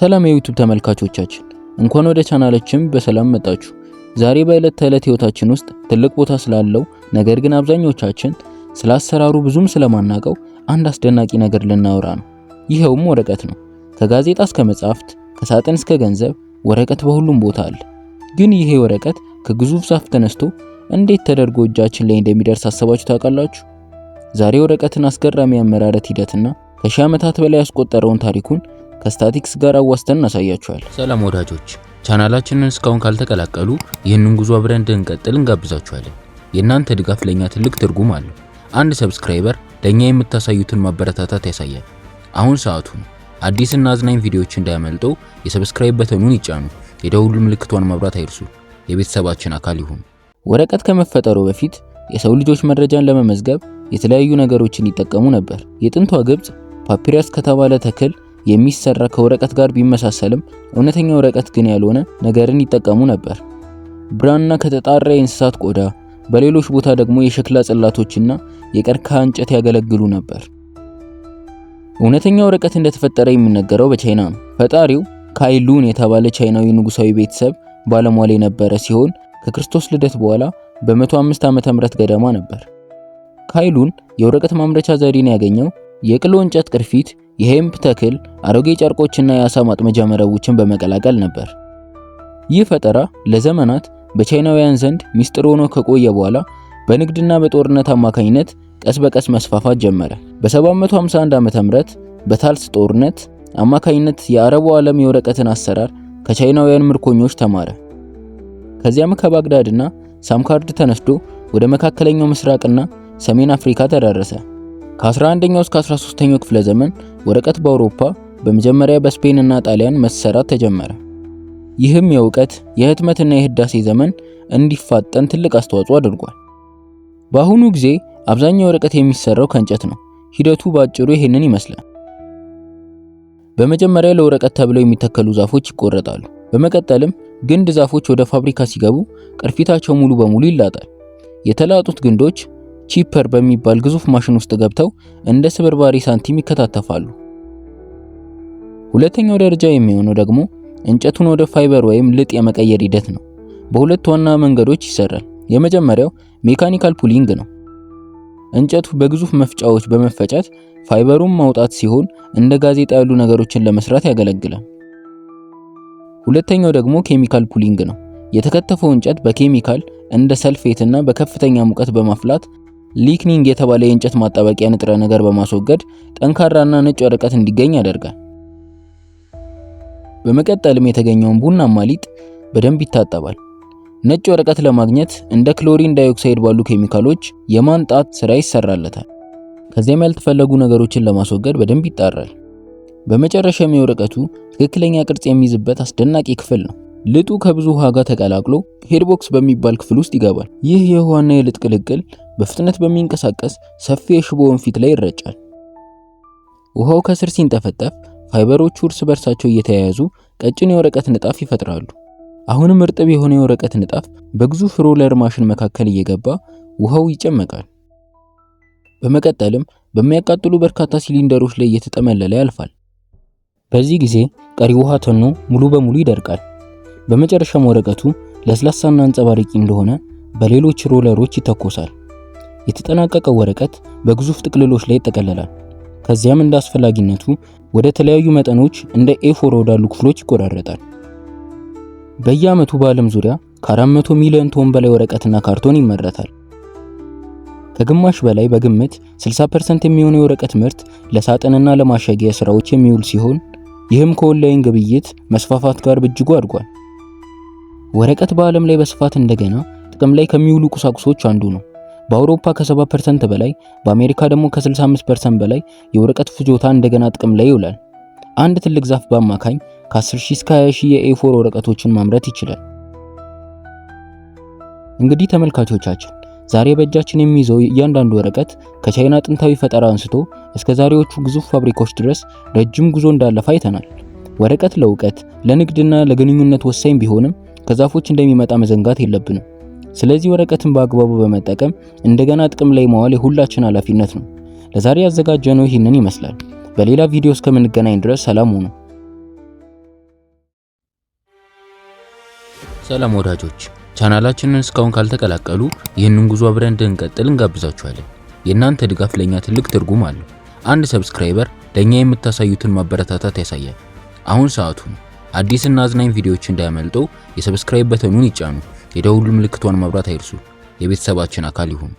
ሰላም የዩቱብ ተመልካቾቻችን እንኳን ወደ ቻናላችን በሰላም መጣችሁ። ዛሬ በዕለት ተዕለት ህይወታችን ውስጥ ትልቅ ቦታ ስላለው ነገር ግን አብዛኞቻችን ስለ አሰራሩ ብዙም ስለማናቀው አንድ አስደናቂ ነገር ልናወራ ነው። ይኸውም ወረቀት ነው። ከጋዜጣ እስከ መጽሐፍት፣ ከሳጥን እስከ ገንዘብ ወረቀት በሁሉም ቦታ አለ። ግን ይሄ ወረቀት ከግዙፍ ዛፍ ተነስቶ እንዴት ተደርጎ እጃችን ላይ እንደሚደርስ አስባችሁ ታውቃላችሁ? ዛሬ ወረቀትን አስገራሚ አመራረት ሂደትና ከሺህ ዓመታት በላይ ያስቆጠረውን ታሪኩን ከስታቲክስ ጋር አዋስተን እናሳያችኋል። ሰላም ወዳጆች፣ ቻናላችንን እስካሁን ካልተቀላቀሉ ይህንን ጉዞ አብረን እንድንቀጥል እንጋብዛችኋለን። የእናንተ ድጋፍ ለእኛ ትልቅ ትርጉም አለው። አንድ ሰብስክራይበር ለእኛ የምታሳዩትን ማበረታታት ያሳያል። አሁን ሰዓቱ ነው። አዲስና አዝናኝ ቪዲዮዎች እንዳያመልጡ የሰብስክራይብ በተኑን ይጫኑ። የደውሉ ምልክቷን መብራት አይርሱ። የቤተሰባችን አካል ይሁን። ወረቀት ከመፈጠሩ በፊት የሰው ልጆች መረጃን ለመመዝገብ የተለያዩ ነገሮችን ይጠቀሙ ነበር። የጥንቷ ግብጽ ፓፒረስ ከተባለ ተክል የሚሰራ ከወረቀት ጋር ቢመሳሰልም እውነተኛ ወረቀት ግን ያልሆነ ነገርን ይጠቀሙ ነበር። ብራና ከተጣራ የእንስሳት ቆዳ፣ በሌሎች ቦታ ደግሞ የሸክላ ጽላቶችና የቀርከሃ እንጨት ያገለግሉ ነበር። እውነተኛ ወረቀት እንደተፈጠረ የሚነገረው በቻይና ነው። ፈጣሪው ካይሉን የተባለ ቻይናዊ ንጉሳዊ ቤተሰብ ባለሟል የነበረ ሲሆን ከክርስቶስ ልደት በኋላ በ105 ዓመተ ምህረት ገደማ ነበር። ካይሉን የወረቀት ማምረቻ ዘዴን ያገኘው የቅሎ እንጨት ቅርፊት፣ የሄምፕ ተክል፣ አሮጌ ጨርቆችና የአሳ ማጥመጃ መረቦችን በመቀላቀል ነበር። ይህ ፈጠራ ለዘመናት በቻይናውያን ዘንድ ሚስጥር ሆኖ ከቆየ በኋላ በንግድና በጦርነት አማካኝነት ቀስ በቀስ መስፋፋት ጀመረ። በ751 ዓ.ም ምህረት በታልስ ጦርነት አማካኝነት የአረቡ ዓለም የወረቀትን አሰራር ከቻይናውያን ምርኮኞች ተማረ። ከዚያም ከባግዳድና ሳምካርድ ተነስቶ ወደ መካከለኛው ምስራቅና ሰሜን አፍሪካ ተዳረሰ። ከ11ኛው እስከ 13ኛው ክፍለ ዘመን ወረቀት በአውሮፓ በመጀመሪያ በስፔንና ጣሊያን መሰራት ተጀመረ። ይህም የእውቀት የህትመትና የህዳሴ ዘመን እንዲፋጠን ትልቅ አስተዋጽኦ አድርጓል። በአሁኑ ጊዜ አብዛኛው ወረቀት የሚሰራው ከእንጨት ነው። ሂደቱ በአጭሩ ይህንን ይመስላል። በመጀመሪያ ለወረቀት ተብለው የሚተከሉ ዛፎች ይቆረጣሉ። በመቀጠልም ግንድ ዛፎች ወደ ፋብሪካ ሲገቡ ቅርፊታቸው ሙሉ በሙሉ ይላጣል። የተላጡት ግንዶች ቺፐር በሚባል ግዙፍ ማሽን ውስጥ ገብተው እንደ ስብርባሪ ሳንቲም ይከታተፋሉ። ሁለተኛው ደረጃ የሚሆነው ደግሞ እንጨቱን ወደ ፋይበር ወይም ልጥ የመቀየር ሂደት ነው። በሁለት ዋና መንገዶች ይሰራል። የመጀመሪያው ሜካኒካል ፑሊንግ ነው። እንጨቱ በግዙፍ መፍጫዎች በመፈጨት ፋይበሩን ማውጣት ሲሆን እንደ ጋዜጣ ያሉ ነገሮችን ለመስራት ያገለግላል። ሁለተኛው ደግሞ ኬሚካል ፑሊንግ ነው። የተከተፈው እንጨት በኬሚካል እንደ ሰልፌት እና በከፍተኛ ሙቀት በማፍላት ሊክኒንግ የተባለ የእንጨት ማጣበቂያ ንጥረ ነገር በማስወገድ ጠንካራና ነጭ ወረቀት እንዲገኝ ያደርጋል። በመቀጠልም የተገኘውን ቡናማ ሊጥ በደንብ ይታጠባል። ነጭ ወረቀት ለማግኘት እንደ ክሎሪን ዳይኦክሳይድ ባሉ ኬሚካሎች የማንጣት ስራ ይሰራለታል። ከዚያም ያልተፈለጉ ነገሮችን ለማስወገድ በደንብ ይጣራል። በመጨረሻም የወረቀቱ ትክክለኛ ቅርጽ የሚይዝበት አስደናቂ ክፍል ነው። ልጡ ከብዙ ውሃ ጋር ተቀላቅሎ ሄድቦክስ በሚባል ክፍል ውስጥ ይገባል። ይህ የውሃና የልጥ ቅልቅል በፍጥነት በሚንቀሳቀስ ሰፊ የሽቦ ወንፊት ላይ ይረጫል። ውሃው ከስር ሲንጠፈጠፍ ፋይበሮቹ እርስ በርሳቸው እየተያያዙ ቀጭን የወረቀት ንጣፍ ይፈጥራሉ። አሁንም እርጥብ የሆነ የወረቀት ንጣፍ በግዙፍ ሮለር ማሽን መካከል እየገባ ውሃው ይጨመቃል። በመቀጠልም በሚያቃጥሉ በርካታ ሲሊንደሮች ላይ እየተጠመለለ ያልፋል። በዚህ ጊዜ ቀሪ ውሃ ተኖ ሙሉ በሙሉ ይደርቃል። በመጨረሻም ወረቀቱ ለስላሳና አንጸባራቂ እንደሆነ በሌሎች ሮለሮች ይተኮሳል። የተጠናቀቀው ወረቀት በግዙፍ ጥቅልሎች ላይ ይጠቀለላል። ከዚያም እንደ አስፈላጊነቱ ወደ ተለያዩ መጠኖች እንደ ኤፎር ወዳሉ ክፍሎች ይቆራረጣል። በየዓመቱ በዓለም ዙሪያ ከ400 ሚሊዮን ቶን በላይ ወረቀትና ካርቶን ይመረታል። ከግማሽ በላይ በግምት 60% የሚሆነው የወረቀት ምርት ለሳጥንና ለማሸጊያ ስራዎች የሚውል ሲሆን ይህም ከኦንላይን ግብይት መስፋፋት ጋር በእጅጉ አድጓል። ወረቀት በዓለም ላይ በስፋት እንደገና ጥቅም ላይ ከሚውሉ ቁሳቁሶች አንዱ ነው። በአውሮፓ ከ70% በላይ በአሜሪካ ደግሞ ከ65% በላይ የወረቀት ፍጆታ እንደገና ጥቅም ላይ ይውላል። አንድ ትልቅ ዛፍ በአማካኝ ከ10000 እስከ 20000 የኤ4 ወረቀቶችን ማምረት ይችላል። እንግዲህ ተመልካቾቻችን ዛሬ በእጃችን የሚይዘው እያንዳንዱ ወረቀት ከቻይና ጥንታዊ ፈጠራ አንስቶ እስከ ዛሬዎቹ ግዙፍ ፋብሪካዎች ድረስ ረጅም ጉዞ እንዳለፈ አይተናል። ወረቀት ለእውቀት ለንግድና ለግንኙነት ወሳኝ ቢሆንም ከዛፎች እንደሚመጣ መዘንጋት የለብንም። ስለዚህ ወረቀትን በአግባቡ በመጠቀም እንደገና ጥቅም ላይ ማዋል የሁላችን ኃላፊነት ነው። ለዛሬ ያዘጋጀነው ይህንን ይመስላል። በሌላ ቪዲዮ እስከምንገናኝ ድረስ ሰላም ሁኑ። ሰላም ወዳጆች፣ ቻናላችንን እስካሁን ካልተቀላቀሉ ይህንን ጉዞ አብረን እንድንቀጥል እንጋብዛችኋለን። የእናንተ ድጋፍ ለኛ ትልቅ ትርጉም አለው። አንድ ሰብስክራይበር ለኛ የምታሳዩትን ማበረታታት ያሳያል። አሁን ሰዓቱ ነው። አዲስና አዝናኝ ቪዲዮዎች እንዳያመልጡ የሰብስክራይብ በተኑን ይጫኑ። የደውሉ ምልክቷን መብራት አይርሱ። የቤተሰባችን አካል ይሁን።